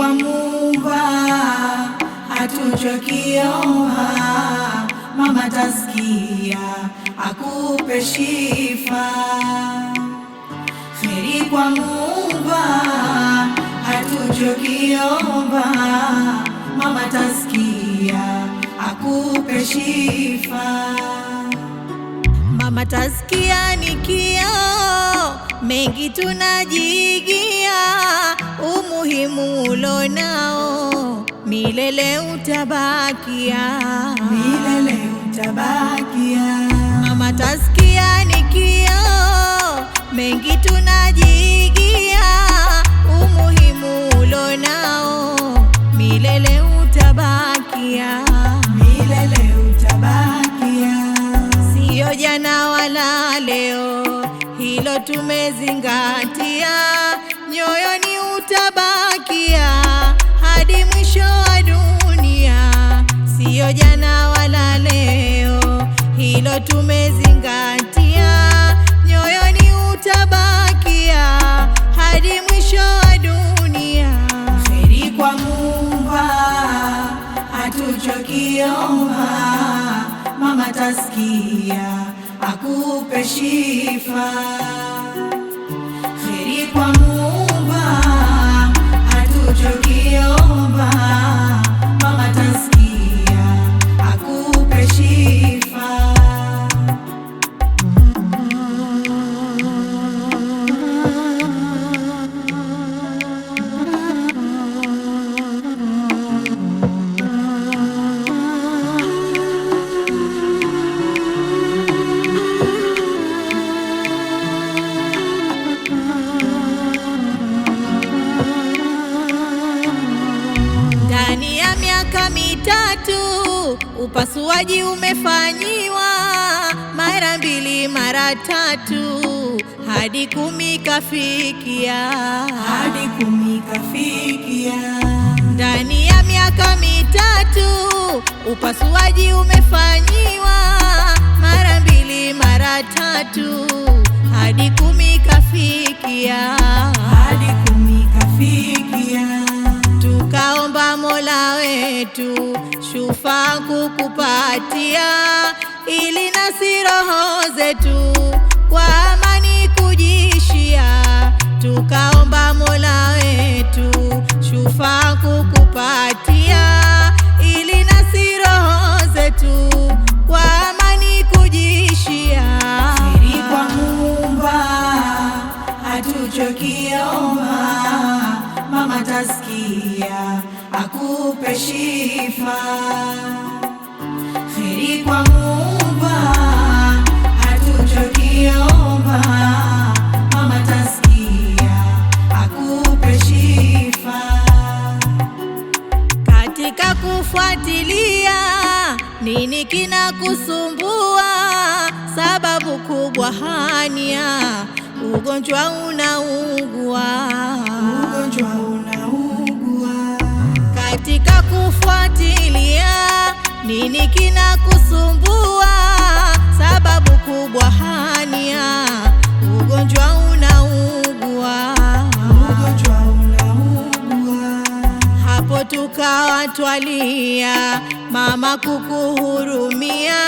Muumba atunjwe kiomba Mama Tazkia akupe shifa. Kheri kwa Muumba hatuchokiomba, Mama Tazkia akupe shifa. Mama Tazkia ni kio mengi tunajigia, umuhimu ulonao milele utabakia, milele utabakia. Mama taskia nikio, mengi tunajigia, umuhimu ulonao milele utabakia, milele utabakia, Sio jana wala leo, hilo tumezingatia, nyoyoni utabakia jana wala leo, hilo tumezingatia, nyoyoni utabakia hadi mwisho wa dunia. Heri kwa Muumba, hatuchokiomba mama tasikia, akupe shifa. Heri kwa hatuchokiomba Upasuaji umefanyiwa mara mbili mara tatu hadi kumi kafikia, hadi kumi kafikia. Ndani ya miaka mitatu upasuaji umefanyiwa mara mbili mara tatu hadi kumi kafikia, hadi kumi kafikia. Tukaomba Mola wetu kufa kukupatia, ili nasi roho zetu kwa amani kujishia, tukaomba Mola wetu shufa kukupatia, ili nasi roho zetu shifa kheri kwa Muumba, hatuchokiomba mama taskia akupe shifa. Katika kufuatilia nini kinakusumbua, sababu kubwa hania ugonjwa unaugua, ugonjwa una katika kufuatilia nini kinakusumbua, sababu kubwa hania ugonjwa unaugua, ugonjwa unaugua. Hapo tukawa twalia mama kukuhurumia,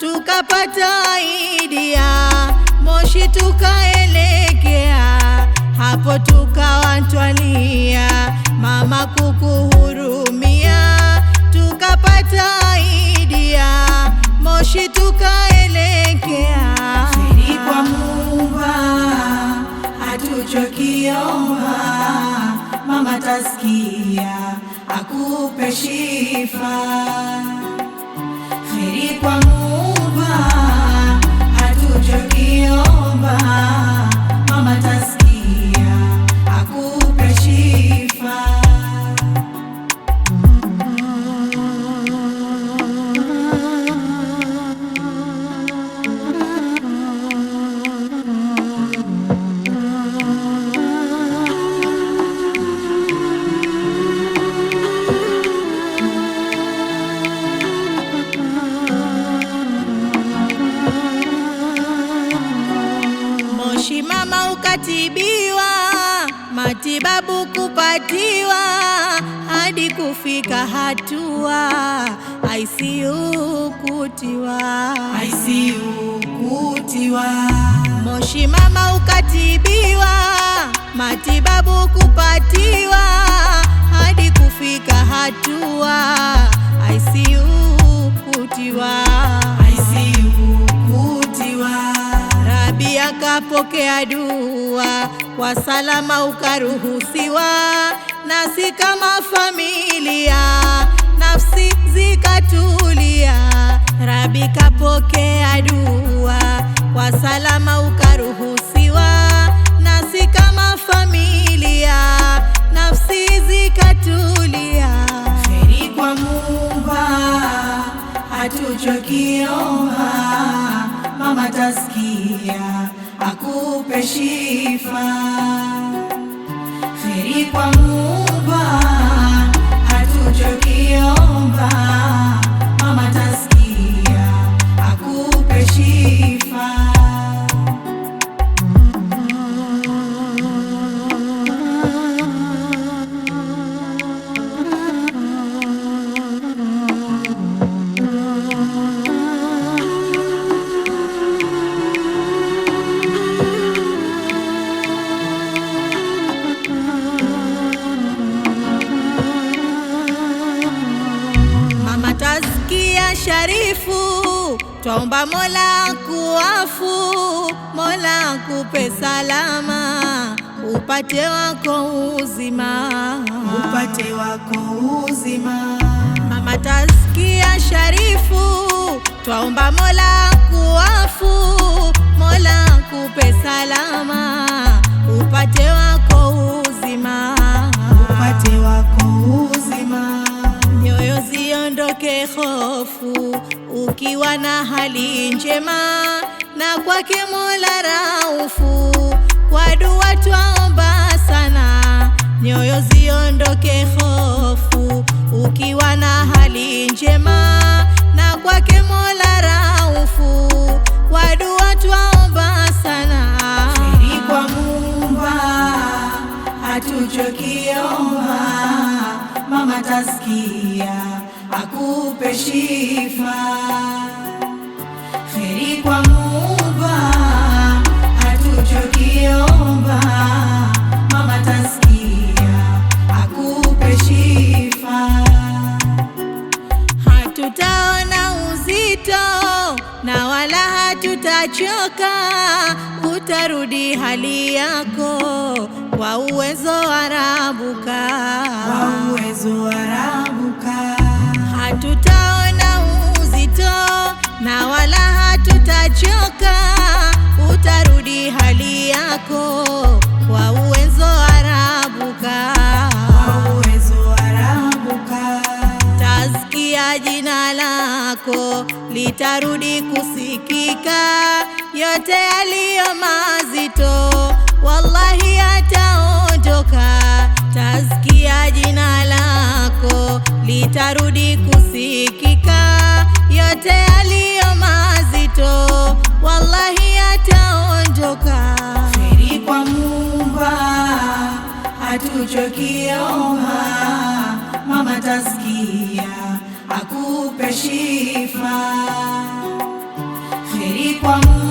tukapata aidia Moshi tukaelekea hapo tukawatwalia mama kukuhurumia, tukapata aidia Moshi tukaelekea. Siri kwa Mumba, hatuchokiomba, mama tasikia akupe shifa. Siri kwa Mumba hatuchokiomba kufika hatua ICU kutiwa, ICU kutiwa, Moshi mama ukatibiwa, matibabu kupatiwa, hadi kufika hatua ICU kutiwa, ICU kutiwa, Rabi akapokea dua, kwa salama ukaruhusiwa nasi kama familia, nafsi zikatulia. Rabi kapokea dua kwa salama, ukaruhusiwa nasi kama familia, nafsi zikatulia. Heri kwa Mumba, hatuchokiomba mama tasikia akupe shifa. Heri kwa Muumba kuliomba sharifu, twaomba Mola kuafu, Mola kupe salama, upate wako uzima, upate wako uzima. Mama Taskia Sharifu, twaomba Mola kuafu, Mola kupe salama, upate wako uzima kwake hofu, ukiwa na hali njema, na kwake Mola Raufu, kwa dua twaomba sana, nyoyo ziondoke hofu, ukiwa na hali njema, na kwake Mola Raufu, kwa dua twaomba sana, kwa Mumba hatuchokiomba Mama tasikia akupe shifa, kheri kwa Muumba hatuchokiomba, mama tasikia, akupe shifa. Hatutaona uzito na wala hatutachoka, utarudi hali yako kwa uwezo wa Rabuka, kwa uwezo wa Rabuka. utachoka, utarudi hali yako kwa uwezo arabuka, arabuka. Tazkia jina lako litarudi kusikika, yote yaliyo mazito wallahi yataondoka. Tazkia jina lako litarudi kusikika, yote yaliyo moto, wallahi ataondoka Siri kwa Muumba, hatuchokiomba mama tasikia, akupe shifa. Siri kwa mumba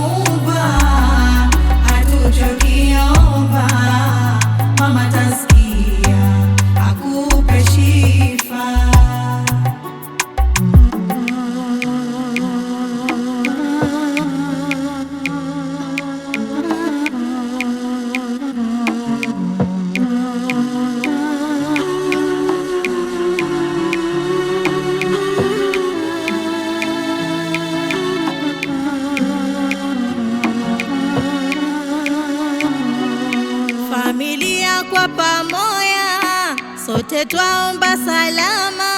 Wote twaomba salama,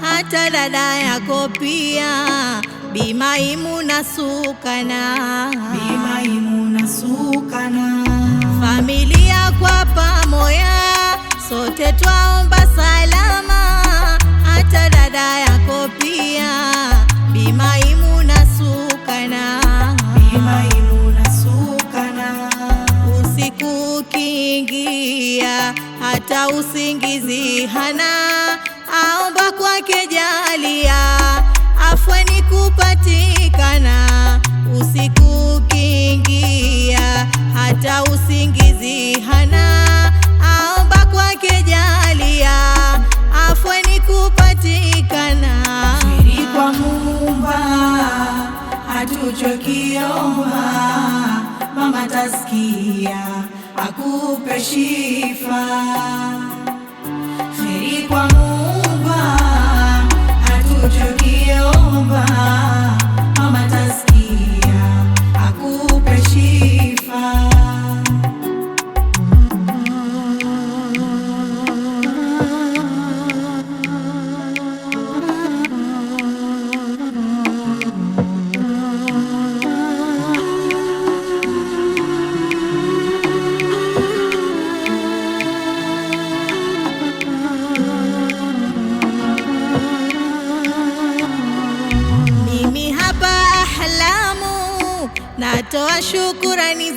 hata dada yako pia, Bi Maimuna Sukana, Bi Sukana, familia kwa pamoja, sote twaomba salama, hata dada hata usingizi hana, aomba kwake jalia afweni kupatikana, usiku ukiingia hata usingizi hana, aomba kwake jalia afweni kupatikana. Siri kwa Muumba hatuchokiomba, mama tasikia akupe shifa, heri kwa Muumba, hatuchokiomba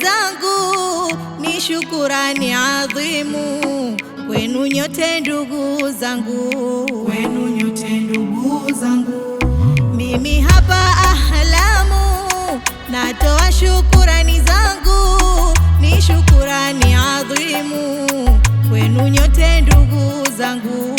zangu ni shukurani adhimu kwenu nyote ndugu zangu, kwenu nyote ndugu zangu, mimi hapa ahlamu natoa shukurani zangu, ni shukurani adhimu kwenu nyote ndugu zangu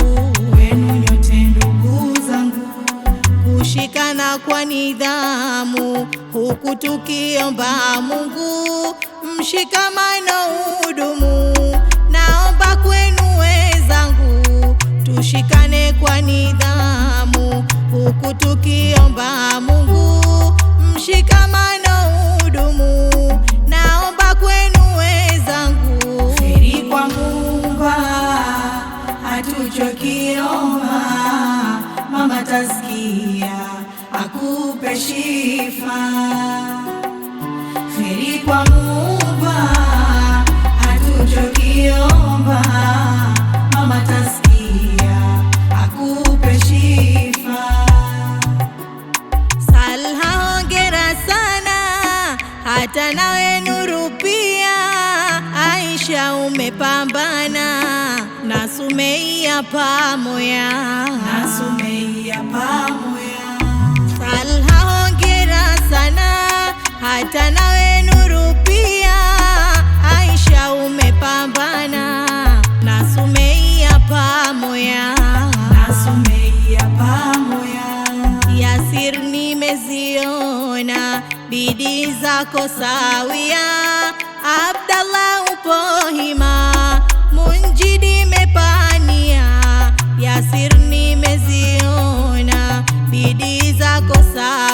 kushikana kwa nidhamu, huku tukiomba Mungu mshikamano udumu. Naomba kwenu wenzangu, tushikane kwa nidhamu, huku tukiomba Mungu mshikamano udumu. shifa heri kwa Muumba, hatuchokiomba mama taskia akupe shifa. Salha, hongera sana, hata nawe nuru pia. Aisha, umepambana na Sumeia pamoja, na Sumeia pamoja hata nawe nuru pia. Aisha umepambana na Sumeia pamoya, na Sumeia pamoya. Yasir nimeziona bidii zako sawia. Abdallah upo hima, Munjidi mepania. Yasir nimeziona bidii zako sawia